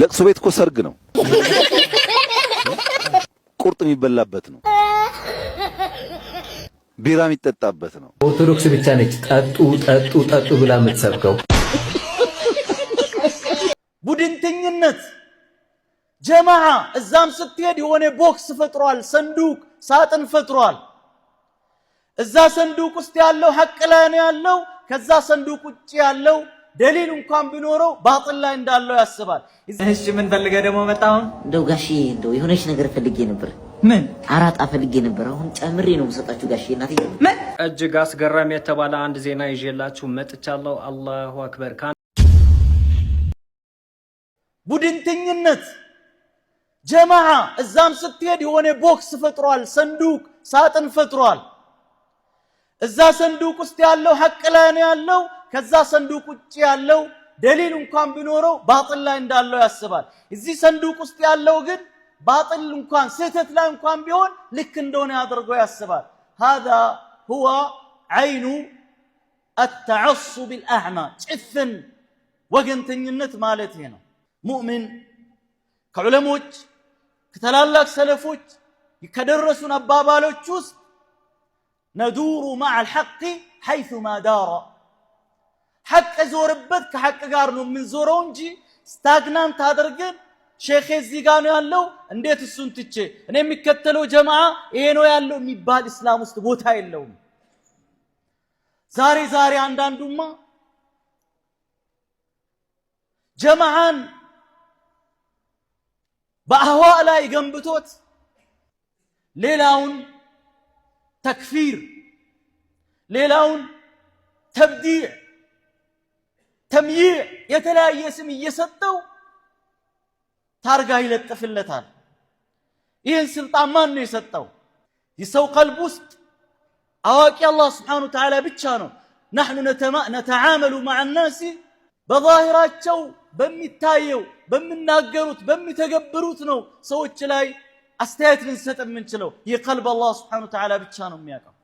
ለቅሶ ቤት እኮ ሰርግ ነው፣ ቁርጥ የሚበላበት ነው፣ ቢራ የሚጠጣበት ነው። ኦርቶዶክስ ብቻ ነች ጠጡ ጠጡ ጠጡ ብላ የምትሰብከው። ቡድንተኝነት ጀማዓ እዛም ስትሄድ የሆነ ቦክስ ፈጥሯል፣ ሰንዱቅ ሳጥን ፈጥሯል። እዛ ሰንዱቅ ውስጥ ያለው ሐቅ ላይ ነው ያለው። ከዛ ሰንዱቅ ውጭ ያለው ደሊል እንኳን ቢኖረው ባጥል ላይ እንዳለው ያስባል። እሺ ምን ፈልገህ ደግሞ መጣህ? እንደው ጋሼ እንደው የሆነች ነገር ፈልጌ ነበር። ምን አራጣ ፈልጌ ነበር። አሁን ጨምሬ ነው የምሰጣችሁ ጋሼ። እናቴ ምን እጅግ አስገራሚ የተባለ አንድ ዜና ይዤላችሁ መጥቻለሁ። አላሁ አክበር። ቡድንተኝነት ጀማዓ፣ እዛም ስትሄድ የሆነ ቦክስ ፈጥሯል፣ ሰንዱቅ ሳጥን ፈጥሯል። እዛ ሰንዱቅ ውስጥ ያለው ሐቅ ላይ ነው ያለው ከዛ ሰንዱቅ ውጭ ያለው ደሊል እንኳን ቢኖረው ባጥል ላይ እንዳለው ያስባል። እዚህ ሰንዱቅ ውስጥ ያለው ግን ባጥል እንኳን ስህተት ላይ እንኳን ቢሆን ልክ እንደሆነ አድርጎ ያስባል። ሃዛ ሁዋ ዓይኑ አተዓሱብ አልአዕማ ጭፍን ወገንተኝነት ማለት ነው። ሙእሚን ከዑለሞች ከታላላቅ ሰለፎች ከደረሱን አባባሎች ውስጥ ነዱሩ ማዕ አልሐቂ ሐይሱማ ዳራ ሐቅ ዞርበት ከሐቅ ጋር ነው የምንዞረው እንጂ ስታግናንት አድርገን ሼክ እዚህ ጋር ነው ያለው፣ እንዴት እሱን ትቼ እኔ የሚከተለው ጀማዓ ይሄ ነው ያለው የሚባል እስላም ውስጥ ቦታ የለውም። ዛሬ ዛሬ አንዳንዱማ ጀማዓን በአህዋ ላይ ገንብቶት ሌላውን ተክፊር ሌላውን ተብዲዕ ተምይዕ የተለያየ ስም እየሰጠው ታርጋ ይለጥፍለታል። ይህን ስልጣን ማን ነው የሰጠው? የሰው ቀልብ ውስጥ አዋቂ አላህ ስብሓነሁ ወተዓላ ብቻ ነው። ናሕኑ ነተዓመሉ መዐ ናሲ በዛሂራቸው በሚታየው በሚናገሩት በሚተገብሩት ነው ሰዎች ላይ አስተያየት ልንሰጥ የምንችለው። ይህ ቀልብ አላህ ስብሓነሁ ወተዓላ ብቻ ነው የሚያውቀው።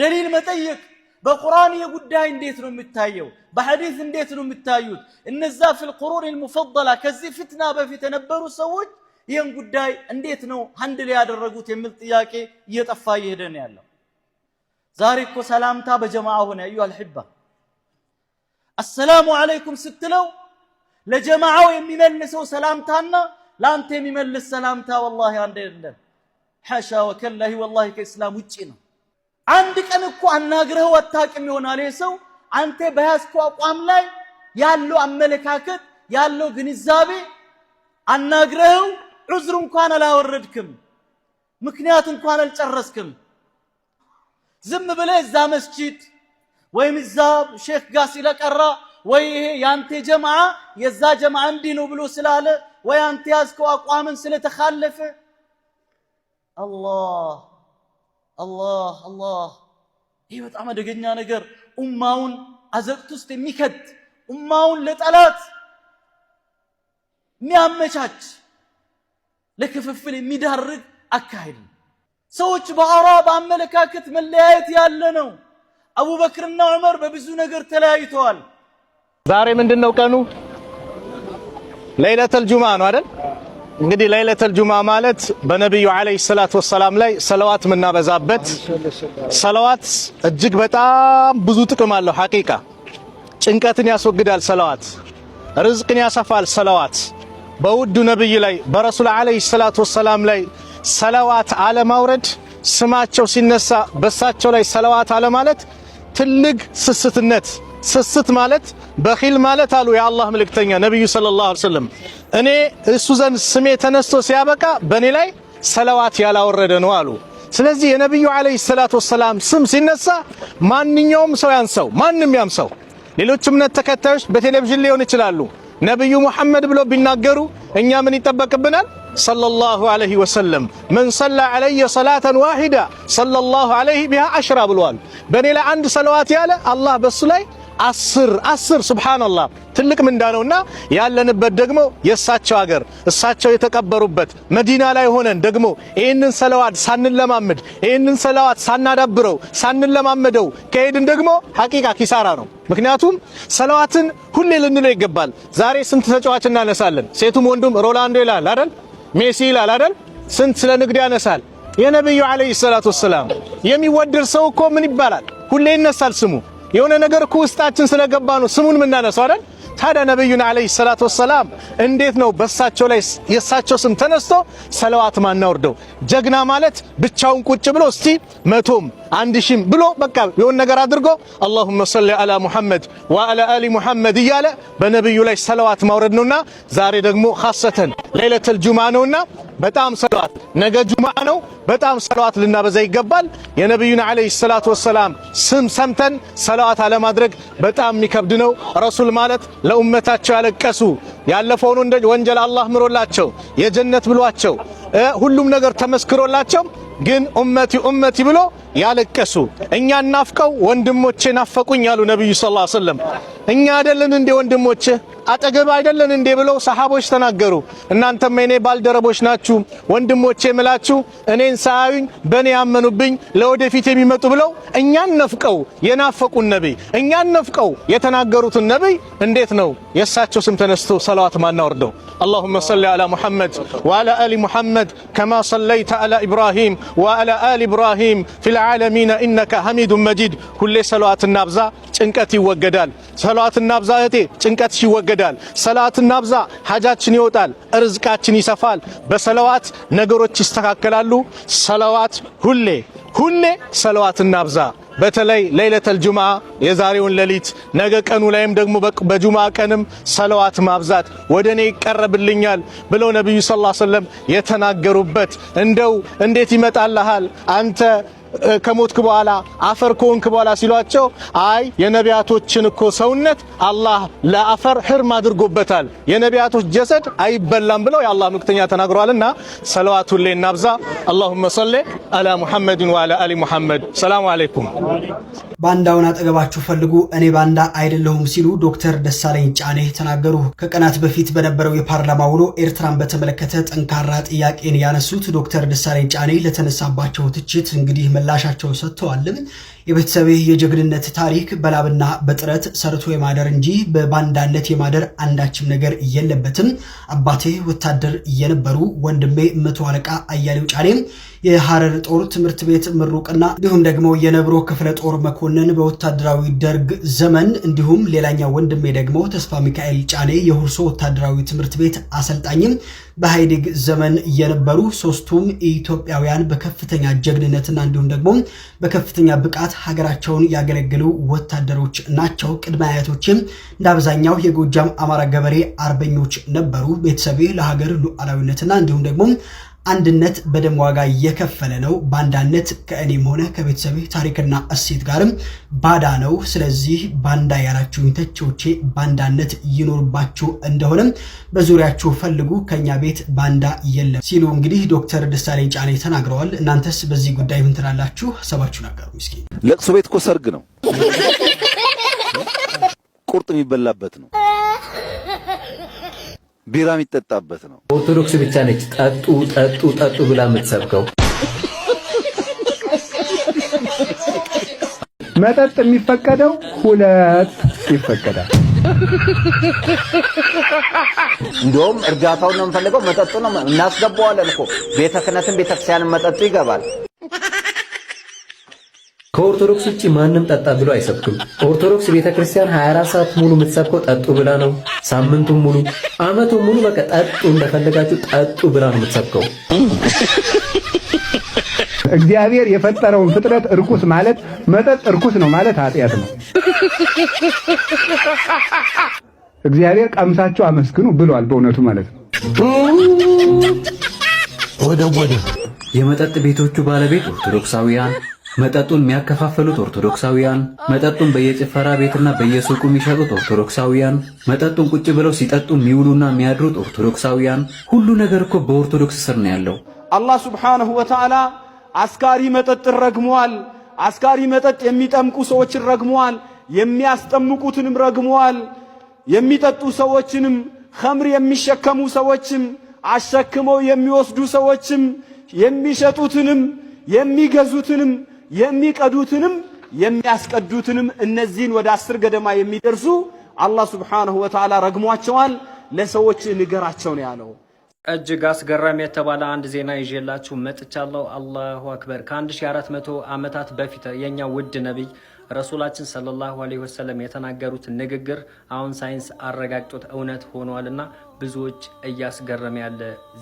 ደሊል መጠየቅ በቁርአን የጉዳይ እንዴት ነው የሚታየው በሐዲስ እንዴት ነው የሚታዩት እነዛ ፊል ቁሩን አልሙፈደላ ከዚህ ፊትና በፊት የነበሩ ሰዎች ይህን ጉዳይ እንዴት ነው አንድ ላይ ያደረጉት የሚል ጥያቄ እየጠፋ እየሄደ ያለው። ዛሬ እኮ ሰላምታ በጀማዓ ሆነ። አዩ አልሕባ አሰላሙ ዓለይኩም ስትለው ለጀማዓው የሚመልሰው ሰላምታና ለአንተ የሚመልስ ሰላምታ ወላሂ አንድ አይደለም። ሓሻ ወከላሂ ወላሂ ከእስላም ውጪ ነው። አንድ ቀን እኮ አናግረኸው አታውቅም ይሆናል ሰው አንተ በያዝከው አቋም ላይ ያለው አመለካከት ያለው ግንዛቤ አናግረኸው ዑዝር እንኳን አላወረድክም፣ ምክንያት እንኳን አልጨረስክም። ዝም ብለህ እዛ መስጂድ ወይም እዛ ሼክ ጋር ስለቀራ ወይ ይሄ ያንተ ጀማዓ የዛ ጀማ እንዲህ ነው ብሎ ስላለ ወይ አንተ ያዝከው አቋምን ስለተካለፈ። አላህ አላህ አላህ። ይህ በጣም አደገኛ ነገር ኡማውን አዘቅት ውስጥ የሚከት ኡማውን ለጠላት የሚያመቻች ለክፍፍል የሚዳርግ አካሄድ ሰዎች በአራ በአመለካከት መለያየት ያለ ነው። አቡበክርና ዑመር በብዙ ነገር ተለያይተዋል። ዛሬ ምንድን ነው ቀኑ? ለይለተል ጁምዓ ነው አይደል? እንግዲህ ለይለተል ጁማ ማለት በነቢዩ ዓለይሂ ሰላት ወሰላም ላይ ሰለዋት የምናበዛበት ሰለዋት እጅግ በጣም ብዙ ጥቅም አለው። ሐቂቃ ጭንቀትን ያስወግዳል ሰለዋት፣ ርዝቅን ያሰፋል ሰለዋት። በውዱ ነቢይ ላይ በረሱል ዓለይሂ ሰላት ወሰላም ላይ ሰለዋት አለማውረድ ስማቸው ሲነሳ በሳቸው ላይ ሰለዋት አለማለት ትልቅ ስስትነት ስስት ማለት በኺል ማለት አሉ የአላህ መልእክተኛ ነብዩ ሰለላሁ ዐለይሂ ወሰለም። እኔ እሱ ዘንድ ስሜ ተነስቶ ሲያበቃ በእኔ ላይ ሰለዋት ያላወረደ ነው አሉ። ስለዚህ የነብዩ ዐለይሂ ሰላቱ ወሰላም ስም ሲነሳ ማንኛውም ሰው ያንሰው፣ ማንም ያምሰው። ሌሎች እምነት ተከታዮች በቴሌቪዥን ሊሆን ይችላሉ ነብዩ ሙሐመድ ብሎ ቢናገሩ እኛ ምን ይጠበቅብናል? ሰለላሁ ዐለይሂ ወሰለም መን ሰላ ዐለየ ሰላተን ዋሂዳ ሰለላሁ ዐለይሂ ቢሃ አሽራ ብለዋል። በእኔ ላይ አንድ ሰለዋት ያለ አላህ በሱ ላይ አስር አስር ሱብሃንአላህ ትልቅ ምንዳ ነውና ያለንበት ደግሞ የእሳቸው አገር እሳቸው የተቀበሩበት መዲና ላይ ሆነን ደግሞ ይህንን ሰለዋት ሳንለማመድ ይህንን ሰለዋት ሳናዳብረው ሳንለማመደው ከሄድን ደግሞ ሐቂቃ ኪሳራ ነው። ምክንያቱም ሰለዋትን ሁሌ ልንለው ይገባል። ዛሬ ስንት ተጫዋች እናነሳለን? ሴቱም ወንዱም ሮላንዶ ይላል አይደል? ሜሲ ይላል አይደል? ስንት ስለ ንግድ ያነሳል። የነብዩ አለይሂ ሰላቱ ወሰላም የሚወደድ ሰው እኮ ምን ይባላል? ሁሌ ይነሳል ስሙ የሆነ ነገር እኮ ውስጣችን ስለገባ ነው ስሙን የምናነሳው አይደል? ታዲያ ነብዩን አለይሂ ሰላቱ ወሰላም እንዴት ነው በሳቸው ላይ የሳቸው ስም ተነስቶ ሰለዋት ማናወርደው? ጀግና ማለት ብቻውን ቁጭ ብሎ እስቲ መቶም አንድ ሺም ብሎ በቃ የሆነ ነገር አድርጎ አላሁመ ሰሊ አላ ሙሐመድ ወአላ አሊ ሙሐመድ እያለ በነብዩ ላይ ሰለዋት ማውረድ ነውና፣ ዛሬ ደግሞ ኻሰተን ሌለተል ጁማ ነውና በጣም ሰለዋት፣ ነገ ጁማ ነው። በጣም ሰለዋት ልናበዛ ይገባል። የነብዩን አለይሂ ሰላቱ ወሰላም ስም ሰምተን ሰለዋት አለማድረግ በጣም የሚከብድ ነው። ረሱል ማለት ለኡመታቸው ያለቀሱ ያለፈውን ወንጀል አላህ ምሮላቸው የጀነት ብሏቸው ሁሉም ነገር ተመስክሮላቸው ግን ኡመቲ ኡመቲ ብሎ ያለቀሱ እኛ ናፍቀው ወንድሞቼ ናፈቁኝ አሉ ነብዩ ሰለላሁ ዐለይሂ ወሰለም። እኛ አይደለን እንደ ወንድሞቼ አጠገብ አይደለን እንዴ ብለው ሰሃቦች ተናገሩ። እናንተም የኔ ባልደረቦች ናችሁ ወንድሞቼ የምላችሁ እኔን ሳያዩኝ በእኔ ያመኑብኝ ለወደፊት የሚመጡ ብለው እኛን ነፍቀው የናፈቁን ነቢይ እኛን ነፍቀው የተናገሩትን ነቢይ እንዴት ነው የእሳቸው ስም ተነስቶ ሰላዋት ማናወርደው? አላሁመ ሰሊ አላ ሙሐመድ ወአላ አሊ ሙሐመድ ከማ ሰለይተ አላ ኢብራሂም ወአላ አሊ ኢብራሂም ፊል ዓለሚነ ኢነከ ሐሚዱን መጂድ። ሁሌ ሰላዋትና አብዛ ጭንቀት ይወገዳል። ሰላዋትና አብዛ እህቴ ጭንቀትሽ ይወገዳል። ይወገዳል። ሰላት እናብዛ፣ ሀጃችን ይወጣል፣ ርዝቃችን ይሰፋል። በሰለዋት ነገሮች ይስተካከላሉ። ሰለዋት ሁሌ ሁሌ ሰለዋት እናብዛ። በተለይ ለይለተል ጁማ የዛሬውን ሌሊት ነገ ቀኑ ላይም ደግሞ በጁማ ቀንም ሰለዋት ማብዛት ወደ እኔ ይቀረብልኛል ብለው ነቢዩ ሰለላሁ ዐለይሂ ወሰለም የተናገሩበት እንደው እንዴት ይመጣልሃል አንተ ከሞትክ በኋላ አፈር ከሆንክ በኋላ ሲሏቸው አይ የነቢያቶችን እኮ ሰውነት አላህ ለአፈር ህርም አድርጎበታል፣ የነቢያቶች ጀሰድ አይበላም ብለው የአላህ ምክተኛ ተናግረዋልና ሰለዋቱን ላይ እናብዛ። አላሁመ ሰሊ አላ ሙሐመድን ወአላ አሊ ሙሐመድ። ሰላሙ አለይኩም። ባንዳውን አጠገባችሁ ፈልጉ እኔ ባንዳ አይደለሁም ሲሉ ዶክተር ደሳለኝ ጫኔ ተናገሩ። ከቀናት በፊት በነበረው የፓርላማ ውሎ ኤርትራን በተመለከተ ጠንካራ ጥያቄን ያነሱት ዶክተር ደሳለኝ ጫኔ ለተነሳባቸው ትችት እንግዲህ ምላሻቸውን ሰጥተዋልም። የቤተሰቤ የጀግንነት ታሪክ በላብና በጥረት ሰርቶ የማደር እንጂ በባንዳነት የማደር አንዳችም ነገር የለበትም። አባቴ ወታደር እየነበሩ ወንድሜ መቶ አለቃ አያሌው ጫኔም የሐረር ጦር ትምህርት ቤት ምሩቅና እንዲሁም ደግሞ የነብሮ ክፍለ ጦር መኮንን በወታደራዊ ደርግ ዘመን እንዲሁም ሌላኛው ወንድሜ ደግሞ ተስፋ ሚካኤል ጫኔ የሁርሶ ወታደራዊ ትምህርት ቤት አሰልጣኝም በኢህአዴግ ዘመን የነበሩ ሶስቱም ኢትዮጵያውያን በከፍተኛ ጀግንነትና እንዲሁም ደግሞ በከፍተኛ ብቃት ሀገራቸውን ያገለገሉ ወታደሮች ናቸው። ቅድመ አያቶችም እንደ አብዛኛው የጎጃም አማራ ገበሬ አርበኞች ነበሩ። ቤተሰቤ ለሀገር ሉዓላዊነትና እንዲሁም ደግሞ አንድነት በደም ዋጋ እየከፈለ ነው። ባንዳነት ከእኔም ሆነ ከቤተሰብህ ታሪክና እሴት ጋርም ባዳ ነው። ስለዚህ ባንዳ ያላችሁ ተቼዎቼ ባንዳነት ይኖርባችሁ እንደሆነም በዙሪያችሁ ፈልጉ፣ ከኛ ቤት ባንዳ የለም ሲሉ እንግዲህ ዶክተር ደሳለኝ ጫኔ ተናግረዋል። እናንተስ በዚህ ጉዳይ ምን ትላላችሁ? ሀሳባችሁ ናገሩ። ለቅሶ ቤት እኮ ሰርግ ነው፣ ቁርጥ የሚበላበት ነው። ቢራ የሚጠጣበት ነው። ኦርቶዶክስ ብቻ ነች ጠጡ ጠጡ ጠጡ ብላ የምትሰብከው። መጠጥ የሚፈቀደው ሁለት ይፈቀዳል። እንዲሁም እርጋታውን ነው የምፈልገው። መጠጡ ነው እናስገባዋለን እኮ ቤተ ክህነትን ቤተክርስቲያንን መጠጡ ይገባል። ከኦርቶዶክስ ውጪ ማንም ጠጣ ብሎ አይሰብክም። ኦርቶዶክስ ቤተክርስቲያን 24 ሰዓት ሙሉ የምትሰብከው ጠጡ ብላ ነው። ሳምንቱን ሙሉ፣ አመቱን ሙሉ በቃ ጠጡ እንደፈለጋችሁ ጠጡ ብላ ነው የምትሰብከው። እግዚአብሔር የፈጠረውን ፍጥረት እርኩስ ማለት መጠጥ እርኩስ ነው ማለት ኃጢአት ነው። እግዚአብሔር ቀምሳችሁ አመስግኑ ብሏል። በእውነቱ ማለት ነው። ወደ ወደ የመጠጥ ቤቶቹ ባለቤት ኦርቶዶክሳውያን መጠጡን የሚያከፋፈሉት ኦርቶዶክሳውያን፣ መጠጡን በየጭፈራ ቤትና በየሱቁ የሚሸጡት ኦርቶዶክሳውያን፣ መጠጡን ቁጭ ብለው ሲጠጡ የሚውሉና የሚያድሩት ኦርቶዶክሳውያን። ሁሉ ነገር እኮ በኦርቶዶክስ ስር ነው ያለው። አላህ ሱብሓነሁ ወተዓላ አስካሪ መጠጥን ረግመዋል። አስካሪ መጠጥ የሚጠምቁ ሰዎችን ረግመዋል። የሚያስጠምቁትንም ረግመዋል። የሚጠጡ ሰዎችንም ኸምር የሚሸከሙ ሰዎችም አሸክመው የሚወስዱ ሰዎችም የሚሸጡትንም የሚገዙትንም የሚቀዱትንም የሚያስቀዱትንም እነዚህን ወደ አስር ገደማ የሚደርሱ አላህ ሱብሓነሁ ወተዓላ ረግሟቸዋል። ለሰዎች ንገራቸው ነው ያለው። እጅግ አስገራሚ የተባለ አንድ ዜና ይዤላችሁ መጥቻለሁ። አላሁ አክበር። ከ1400 ዓመታት በፊት የኛ ውድ ነቢይ ረሱላችን ሰለላሁ ዐለይሂ ወሰለም የተናገሩት ንግግር አሁን ሳይንስ አረጋግጦት እውነት ሆኗልና ብዙዎች እያስገረመ ያለ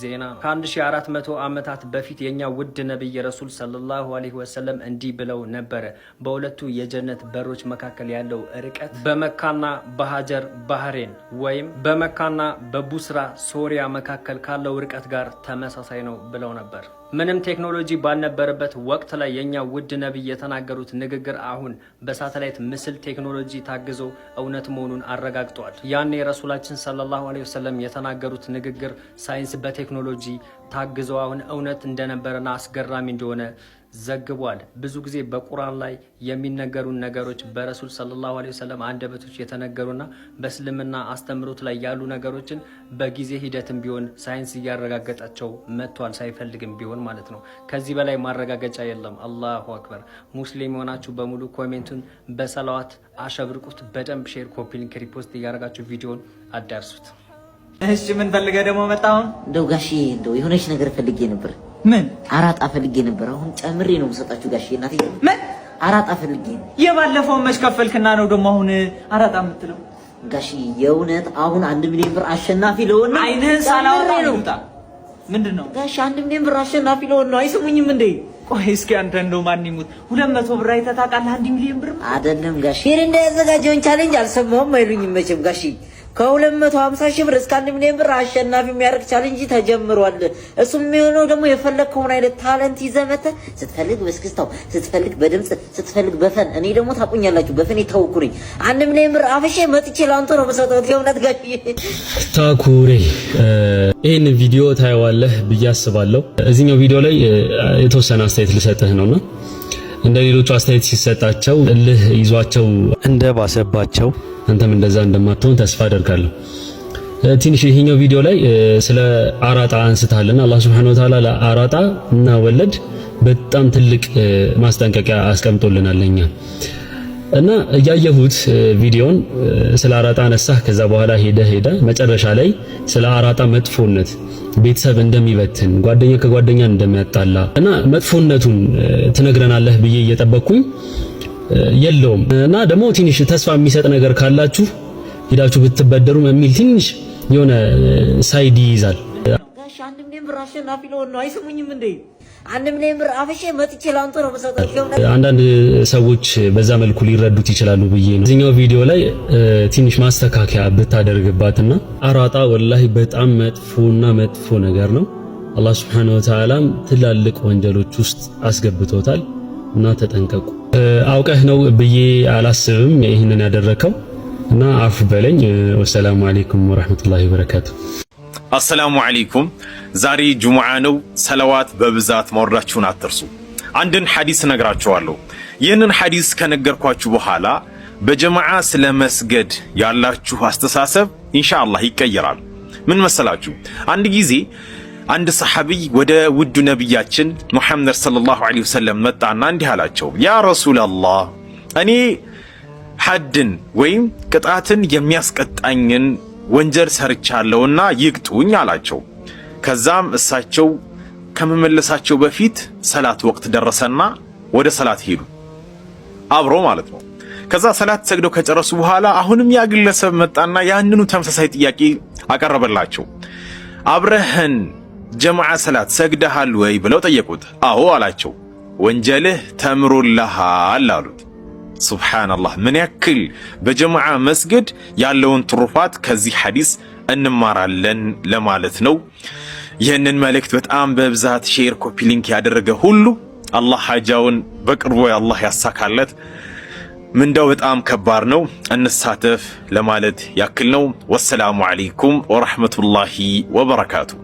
ዜና ነው አራት መቶ ዓመታት በፊት የእኛ ውድ ነቢይ ረሱል ሰለላሁ አለይሂ ወሰለም እንዲህ ብለው ነበረ። በሁለቱ የጀነት በሮች መካከል ያለው ርቀት በመካና በሀጀር ባህሬን ወይም በመካና በቡስራ ሶሪያ መካከል ካለው ርቀት ጋር ተመሳሳይ ነው ብለው ነበር። ምንም ቴክኖሎጂ ባልነበረበት ወቅት ላይ የእኛ ውድ ነቢይ የተናገሩት ንግግር አሁን በሳተላይት ምስል ቴክኖሎጂ ታግዞ እውነት መሆኑን አረጋግጧል። ያኔ ረሱላችን ሰለላሁ አለይሂ ወሰለም ዓለም የተናገሩት ንግግር ሳይንስ በቴክኖሎጂ ታግዘው አሁን እውነት እንደነበረና አስገራሚ እንደሆነ ዘግቧል። ብዙ ጊዜ በቁርአን ላይ የሚነገሩን ነገሮች በረሱል ሰለላሁ ዐለይሂ ወሰለም አንደበቶች የተነገሩና በእስልምና አስተምሮት ላይ ያሉ ነገሮችን በጊዜ ሂደትም ቢሆን ሳይንስ እያረጋገጣቸው መጥቷል፣ ሳይፈልግም ቢሆን ማለት ነው። ከዚህ በላይ ማረጋገጫ የለም። አላሁ አክበር። ሙስሊም የሆናችሁ በሙሉ ኮሜንቱን በሰላዋት አሸብርቁት። በደንብ ሼር፣ ኮፒ፣ ሊንክ፣ ሪፖስት እያረጋችሁ ቪዲዮን አዳርሱት። እሺ ምን ፈልገህ ደግሞ መጣሁ? እንደው ጋሼ እንደው የሆነች ነገር ፈልጌ ነበር። ምን አራጣ ፈልጌ ነበር። አሁን ጨምሬ ነው የምሰጣችሁ ጋሼ። እናት ምን አራጣ ፈልጌ ነው። የባለፈውን መች ከፈልክና ነው ደግሞ አሁን አራጣ የምትለው? ጋሼ የእውነት አሁን አንድ ሚሊዮን ብር አሸናፊ ለሆነ አይንህን ሳላወጣ ነው። ምንድን ነው ጋሼ? አንድ ሚሊዮን ብር አሸናፊ ለሆነ ነው። አይሰሙኝም እንዴ? ቆይ እስኪ አንተ እንደው ማን ይሙት ሁለት መቶ ብር አይተህ ታውቃለህ? አንድ ሚሊዮን ብር አይደለም ጋሼ። ይሄን እንዳያዘጋጀውን ቻሌንጅ አልሰማሁም አይሉኝም መቼም ጋሼ ከ250 ሺህ ብር እስከ 1 ሚሊዮን ብር አሸናፊ የሚያደርግ ቻሌንጅ ተጀምሯል። እሱም የሚሆነው ደግሞ የፈለግከውን አይነት ታለንት ይዘመተ ስትፈልግ በስክስታው፣ ስትፈልግ በድምፅ፣ ስትፈልግ በፈን። እኔ ደግሞ ታቁኛላችሁ፣ በፈን ተውኩኝ። አንድ ሚሊዮን ብር አፍሼ መጥቼ ለአንተ ነው መሰጠት የእውነት ጋር ታኩሬ። ይህን ቪዲዮ ታየዋለህ ብዬ አስባለሁ። እዚህኛው ቪዲዮ ላይ የተወሰነ አስተያየት ልሰጥህ ነውና እንደ ሌሎቹ አስተያየት ሲሰጣቸው እልህ ይዟቸው እንደባሰባቸው አንተም እንደዛ እንደማትሆን ተስፋ አደርጋለሁ። ትንሽ ይሄኛው ቪዲዮ ላይ ስለ አራጣ አንስታለን። አላህ Subhanahu Wa ለአራጣ እና ወለድ በጣም ትልቅ ማስጠንቀቂያ አስቀምጦልናል ለኛ እና እያየሁት ቪዲዮን ስለ አራጣ አነሳህ። ከዛ በኋላ ሄደ ሄደ መጨረሻ ላይ ስለ አራጣ መጥፎነት ቤተሰብ እንደሚበትን፣ ጓደኛ ከጓደኛ እንደሚያጣላ እና መጥፎነቱን ትነግረናለህ ብዬ እየጠበቅኩኝ የለውም እና ደግሞ ትንሽ ተስፋ የሚሰጥ ነገር ካላችሁ ሄዳችሁ ብትበደሩ የሚል ትንሽ የሆነ ሳይድ ይይዛል። ጋሽ አንድም እኔም ራሽን አፊሎ ነው አይሰሙኝም እንዴ? አንዳንድ ሰዎች በዛ መልኩ ሊረዱት ይችላሉ ብዬ ነው። እዚኛው ቪዲዮ ላይ ትንሽ ማስተካከያ ብታደርግባትና አራጣ ወላሂ በጣም መጥፎና መጥፎ ነገር ነው። አላህ ሱብሓነሁ ወተዓላም ትላልቅ ወንጀሎች ውስጥ አስገብቶታል እና ተጠንቀቁ። አውቀህ ነው ብዬ አላስብም ይህንን ያደረከው እና አፍ በለኝ። ወሰላሙ አለይኩም ወራህመቱላሂ ወበረካቱ። አሰላሙ አለይኩም ዛሬ ጁሙዓ ነው። ሰለዋት በብዛት ማውረዳችሁን አትርሱ። አንድን ሐዲስ ነግራችኋለሁ። ይህንን ሐዲስ ከነገርኳችሁ በኋላ በጀማዓ ስለ መስገድ ያላችሁ አስተሳሰብ ኢንሻአላህ ይቀየራል። ምን መሰላችሁ? አንድ ጊዜ አንድ ሰሐቢይ ወደ ውዱ ነቢያችን ሙሐመድ ሰለላሁ ዐለይሂ ወሰለም መጣና እንዲህ አላቸው፣ ያ ረሱላላህ እኔ ሐድን ወይም ቅጣትን የሚያስቀጣኝን ወንጀል ሰርቻለሁና ይቅጡኝ አላቸው። ከዛም እሳቸው ከመመለሳቸው በፊት ሰላት ወቅት ደረሰና ወደ ሰላት ሄዱ፣ አብሮ ማለት ነው። ከዛ ሰላት ሰግደው ከጨረሱ በኋላ አሁንም ያ ግለሰብ መጣና ያንኑ ተመሳሳይ ጥያቄ አቀረበላቸው። አብረህን ጀማዓ ሰላት ሰግደሃል ወይ ብለው ጠየቁት። አዎ አላቸው። ወንጀልህ ተምሮልሃል አሉት። ሱብሓነላህ ምን ያክል በጀማዓ መስገድ ያለውን ትሩፋት ከዚህ ሐዲስ እንማራለን ለማለት ነው። ይህንን መልእክት በጣም በብዛት ሼር፣ ኮፒ ሊንክ ያደረገ ሁሉ አላህ ሀጃውን በቅርቡ አላህ ያሳካለት። ምንዳው በጣም ከባድ ነው። እንሳተፍ ለማለት ያክል ነው። ወሰላሙ አለይኩም ወረሕመቱላሂ ወበረካቱ።